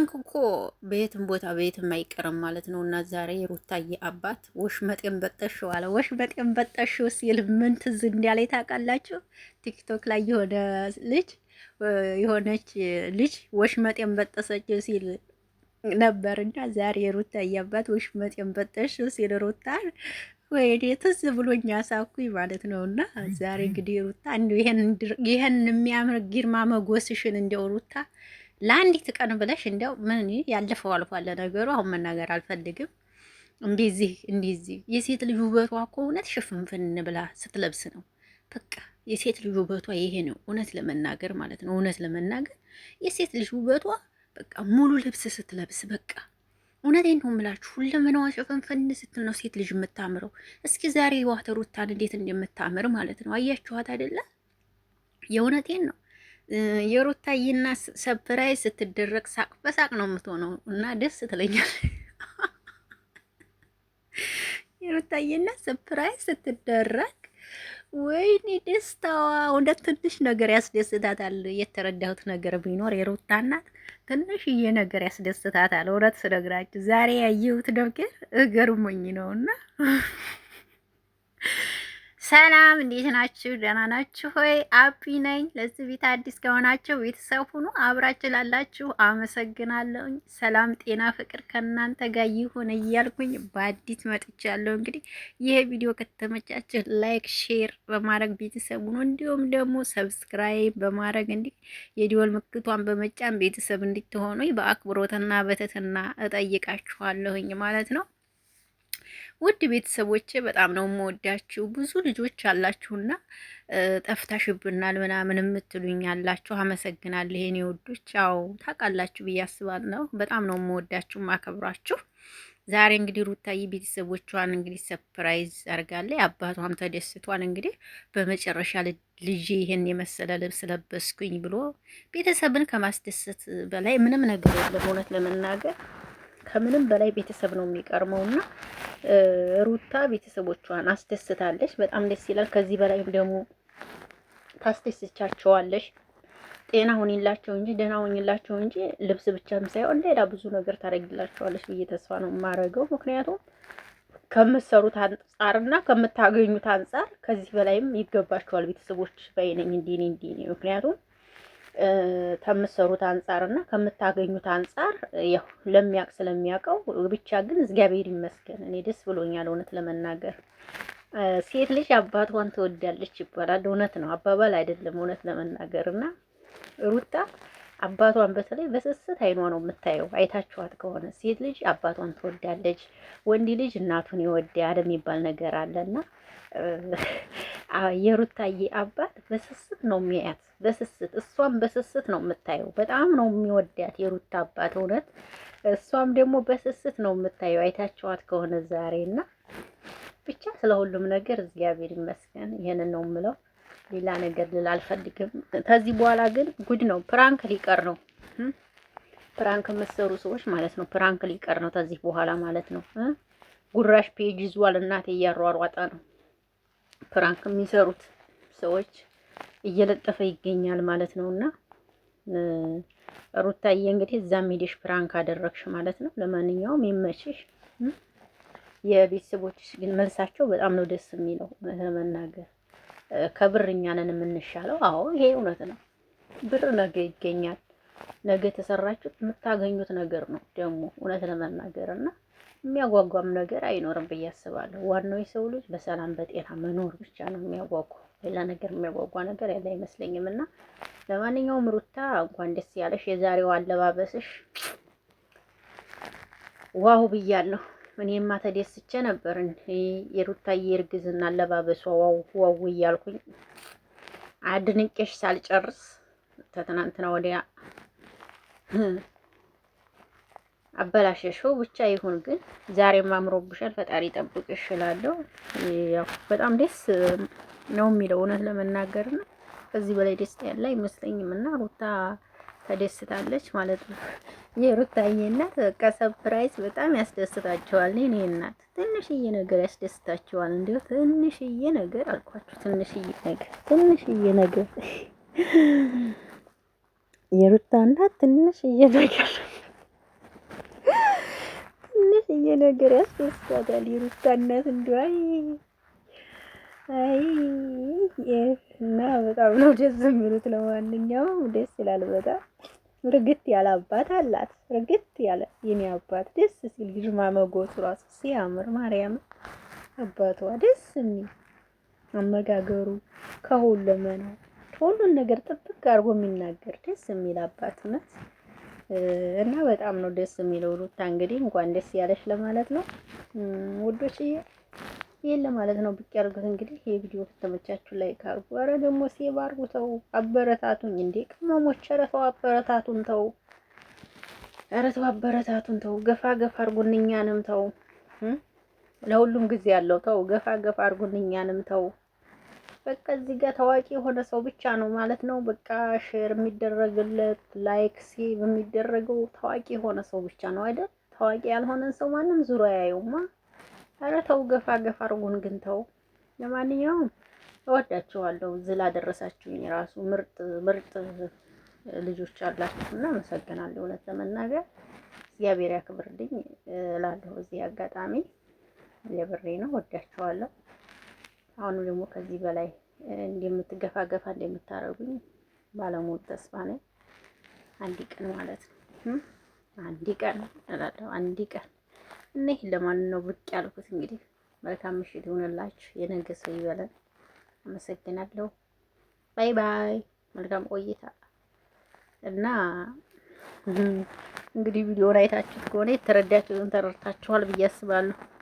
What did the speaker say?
ፕራንክ እኮ በየትም ቦታ በየትም አይቀርም ማለት ነው። እና ዛሬ የሩታዬ አባት መጤን በጠሽው አለ። መጤን በጠሽው ሲል ምን ትዝ እንዳለ ታውቃላችሁ? ቲክቶክ ላይ የሆነ ልጅ የሆነች ልጅ ወሽ መጤን በጠሰችው ሲል ነበር። እና ዛሬ የሩታዬ አባት መጤን በጠሽ ሲል ሩታን ወይኔ ትዝ ብሎኛ ሳኩኝ ማለት ነው። እና ዛሬ እንግዲህ ሩታ ይሄን የሚያምር ግርማ መጎስሽን እንዲያው ሩታ ለአንዲት ቀን ብለሽ እንዲያው ምን ያለፈው አልፏል ነገሩ። አሁን መናገር አልፈልግም። እንዲዚህ እንዲዚህ የሴት ልጅ ውበቷ እኮ እውነት ሽፍንፍን ብላ ስትለብስ ነው። በቃ የሴት ልጅ ውበቷ ይሄ ነው፣ እውነት ለመናገር ማለት ነው። እውነት ለመናገር የሴት ልጅ ውበቷ በቃ ሙሉ ልብስ ስትለብስ በቃ እውነት ነው የምላችሁ። ሁለመናዋ ሽፍንፍን ስትል ነው ሴት ልጅ የምታምረው። እስኪ ዛሬ ዋተሩታን እንዴት እንደምታምር ማለት ነው። አያችኋት አይደለ? የእውነቴን ነው የሩታዬና ሰፕራይዝ ስትደረግ ሳቅ በሳቅ ነው የምትሆነው እና ደስ ትለኛል። የሩታዬና ሰፕራይዝ ስትደረግ ወይኔ ደስታዋ ወደ ትንሽ ነገር ያስደስታታል። የተረዳሁት ነገር ቢኖር የሩታ ትንሽዬ ነገር ያስደስታታል። እውነት ስነግራችሁ ዛሬ ያየሁት ነገር እገርሞኝ እና ሰላም እንዴት ናችሁ? ደህና ናችሁ ሆይ? አፒ ነኝ። ለዚህ ቤት አዲስ ከሆናችሁ ቤተሰብ ሁኑ። አብራችሁ ላላችሁ አመሰግናለሁ ሰላም፣ ጤና፣ ፍቅር ከእናንተ ጋር ይሁን እያልኩኝ በአዲስ መጥቻለሁ። እንግዲህ ይሄ ቪዲዮ ከተመቻችሁ ላይክ፣ ሼር በማድረግ ቤተሰብ ሁኑ። እንዲሁም ደግሞ ሰብስክራይብ በማድረግ እንዲህ የዲወል ምክቷን በመጫን ቤተሰብ እንድትሆኑ በአክብሮትና በትህትና እጠይቃችኋለሁኝ ማለት ነው። ውድ ቤተሰቦቼ በጣም ነው የምወዳችሁ። ብዙ ልጆች አላችሁና ጠፍታሽብናል ምናምን የምትሉኝ አላችሁ። አመሰግናለሁ የኔ ውዶች። አዎ ታውቃላችሁ ብዬ አስባለሁ። በጣም ነው የምወዳችሁ ማከብራችሁ። ዛሬ እንግዲህ ሩታዬ ቤተሰቦቿን እንግዲህ ሰፕራይዝ አድርጋለች። አባቷም ተደስቷል። እንግዲህ በመጨረሻ ልጅ ይህን የመሰለ ልብስ ለበስኩኝ ብሎ ቤተሰብን ከማስደሰት በላይ ምንም ነገር የለም እውነት ለመናገር ከምንም በላይ ቤተሰብ ነው የሚቀርመው እና ሩታ ቤተሰቦቿን አስደስታለች። በጣም ደስ ይላል። ከዚህ በላይም ደግሞ ታስደስቻቸዋለሽ። ጤና ሆኝላቸው እንጂ ደህና ሆኝላቸው እንጂ ልብስ ብቻም ሳይሆን ሌላ ብዙ ነገር ታደርግላቸዋለች ብዬ ተስፋ ነው የማደርገው። ምክንያቱም ከምትሰሩት አንጻርና ከምታገኙት አንጻር ከዚህ በላይም ይገባቸዋል ቤተሰቦች በይነኝ እንዲኔ እንዲኔ ምክንያቱም ከምትሰሩት አንጻር እና ከምታገኙት አንጻር ያው ለሚያውቅ ስለሚያውቀው ብቻ ግን እግዚአብሔር ይመስገን እኔ ደስ ብሎኛል። እውነት ለመናገር ሴት ልጅ አባቷን ትወዳለች ይባላል። እውነት ነው፣ አባባል አይደለም። እውነት ለመናገር እና ሩታ አባቷን በተለይ በስስት አይኗ ነው የምታየው። አይታችኋት ከሆነ ሴት ልጅ አባቷን ትወዳለች፣ ወንድ ልጅ እናቱን ይወዳል የሚባል ነገር አለና የሩታዬ አባት በስስት ነው የሚያያት፣ በስስት እሷም በስስት ነው የምታየው። በጣም ነው የሚወዳት የሩታ አባት እውነት። እሷም ደግሞ በስስት ነው የምታየው። አይታችኋት ከሆነ ዛሬ እና ብቻ ስለ ሁሉም ነገር እግዚአብሔር ይመስገን። ይህንን ነው የምለው። ሌላ ነገር ልል አልፈልግም። ከዚህ በኋላ ግን ጉድ ነው። ፕራንክ ሊቀር ነው። ፕራንክ የምትሰሩ ሰዎች ማለት ነው። ፕራንክ ሊቀር ነው ከዚህ በኋላ ማለት ነው። ጉራሽ ፔጅ ይዟል። እናቴ እያሯሯጠ ነው። ፕራንክ የሚሰሩት ሰዎች እየለጠፈ ይገኛል ማለት ነው። እና ሩታዬ እንግዲህ እዛም ሄደሽ ፕራንክ አደረግሽ ማለት ነው። ለማንኛውም ይመችሽ። የቤተሰቦችሽ ግን መልሳቸው በጣም ነው ደስ የሚለው ለመናገር ከብር እኛንን የምንሻለው። አዎ ይሄ እውነት ነው። ብር ነገ ይገኛል። ነገ ተሰራችሁት የምታገኙት ነገር ነው ደግሞ እውነት ለመናገር እና የሚያጓጓም ነገር አይኖርም ብዬ አስባለሁ። ዋናው የሰው ልጅ በሰላም በጤና መኖር ብቻ ነው የሚያጓጓው። ሌላ ነገር የሚያጓጓ ነገር ያለ አይመስለኝም። እና ለማንኛውም ሩታ እንኳን ደስ ያለሽ። የዛሬው አለባበስሽ ዋው ብያለሁ። እኔማ ተደስቼ ነበር። የሩታዬ እርግዝና አለባበሷ ዋው ዋው እያልኩኝ አድንቄሽ ሳልጨርስ ተትናንትና ወዲያ አበላሸሽው ብቻ ይሁን ግን ዛሬም አምሮብሻል። ፈጣሪ ጠብቅ ይችላለሁ። ያው በጣም ደስ ነው የሚለው እውነት ለመናገር ነው። ከዚህ በላይ ደስታ ያለ አይመስለኝም። እና ሩታ ተደስታለች ማለት ነው። የሩታዬ እናት በቃ ሰርፕራይዝ በጣም ያስደስታቸዋል። እኔ እናት ትንሽዬ ነገር ያስደስታቸዋል። እንዲሁ ትንሽዬ ነገር አልኳችሁ፣ ትንሽዬ ነገር ትንሽዬ ነገር የሩታ እናት ትንሽዬ ነገር ይሄ ነገር ያስደስታታል። የሩታ እናት እንደው አይ አይ እና በጣም ነው ደስ የሚሉት። ለማንኛውም ደስ ይላል በጣም እርግጥ ያለ አባት አላት። ርግት ያለ የኔ አባት ደስ ሲል ግርማ መጎቱ ራሱ ሲያምር ማርያም አባቷ ደስ የሚል አመጋገሩ ከሁሉ ለመነው ሁሉን ነገር ጥብቅ አድርጎ የሚናገር ደስ የሚል አባት ነው። እና በጣም ነው ደስ የሚለው። ሩታ እንግዲህ እንኳን ደስ ያለሽ ለማለት ነው ውዶች። ይሄን ለማለት ነው ብቅ ያርጉት። እንግዲህ ይሄ ቪዲዮ ከተመቻችሁ ላይክ አርጉ። አረ ደግሞ ሴቭ አርጉ። ተው አበረታቱኝ እንዴ ቅመሞች! አረ ተው አበረታቱን፣ ተው አረ ተው አበረታቱን፣ ተው ገፋ ገፋ አርጉን እኛንም ተው። ለሁሉም ጊዜ ያለው ተው ገፋ ገፋ አርጉን እኛንም ተው። በቃ እዚህ ጋር ታዋቂ የሆነ ሰው ብቻ ነው ማለት ነው። በቃ ሼር የሚደረግለት ላይክ ሲ የሚደረገው ታዋቂ የሆነ ሰው ብቻ ነው አይደል? ታዋቂ ያልሆነን ሰው ማንም ዙሪያ ያየውማ። ኧረ ተው፣ ገፋ ገፋ አድርጉን ግን ተው። ለማንኛውም እወዳችኋለሁ። እዚህ ላደረሳችሁኝ ራሱ ምርጥ ምርጥ ልጆች አላችሁ እና አመሰግናለሁ። እውነት ለመናገር እግዚአብሔር ያክብርልኝ እላለሁ። እዚህ አጋጣሚ የብሬ ነው። ወዳችኋለሁ። አሁንም ደግሞ ከዚህ በላይ እንደምትገፋገፋ እንደምታደርጉኝ ባለሙሉ ተስፋ ነኝ። አንድ ቀን ማለት ነው አንድ ቀን እላለሁ። አንድ ቀን እና ይሄን ነው ብቅ ያልኩት። እንግዲህ መልካም ምሽት ይሁንላችሁ። የነገ ሰው ይበለን። አመሰግናለሁ። ባይ ባይ። መልካም ቆይታ እና እንግዲህ ቪዲዮውን አይታችሁት ከሆነ የተረዳችሁትን ተረድታችኋል ብዬ አስባለሁ።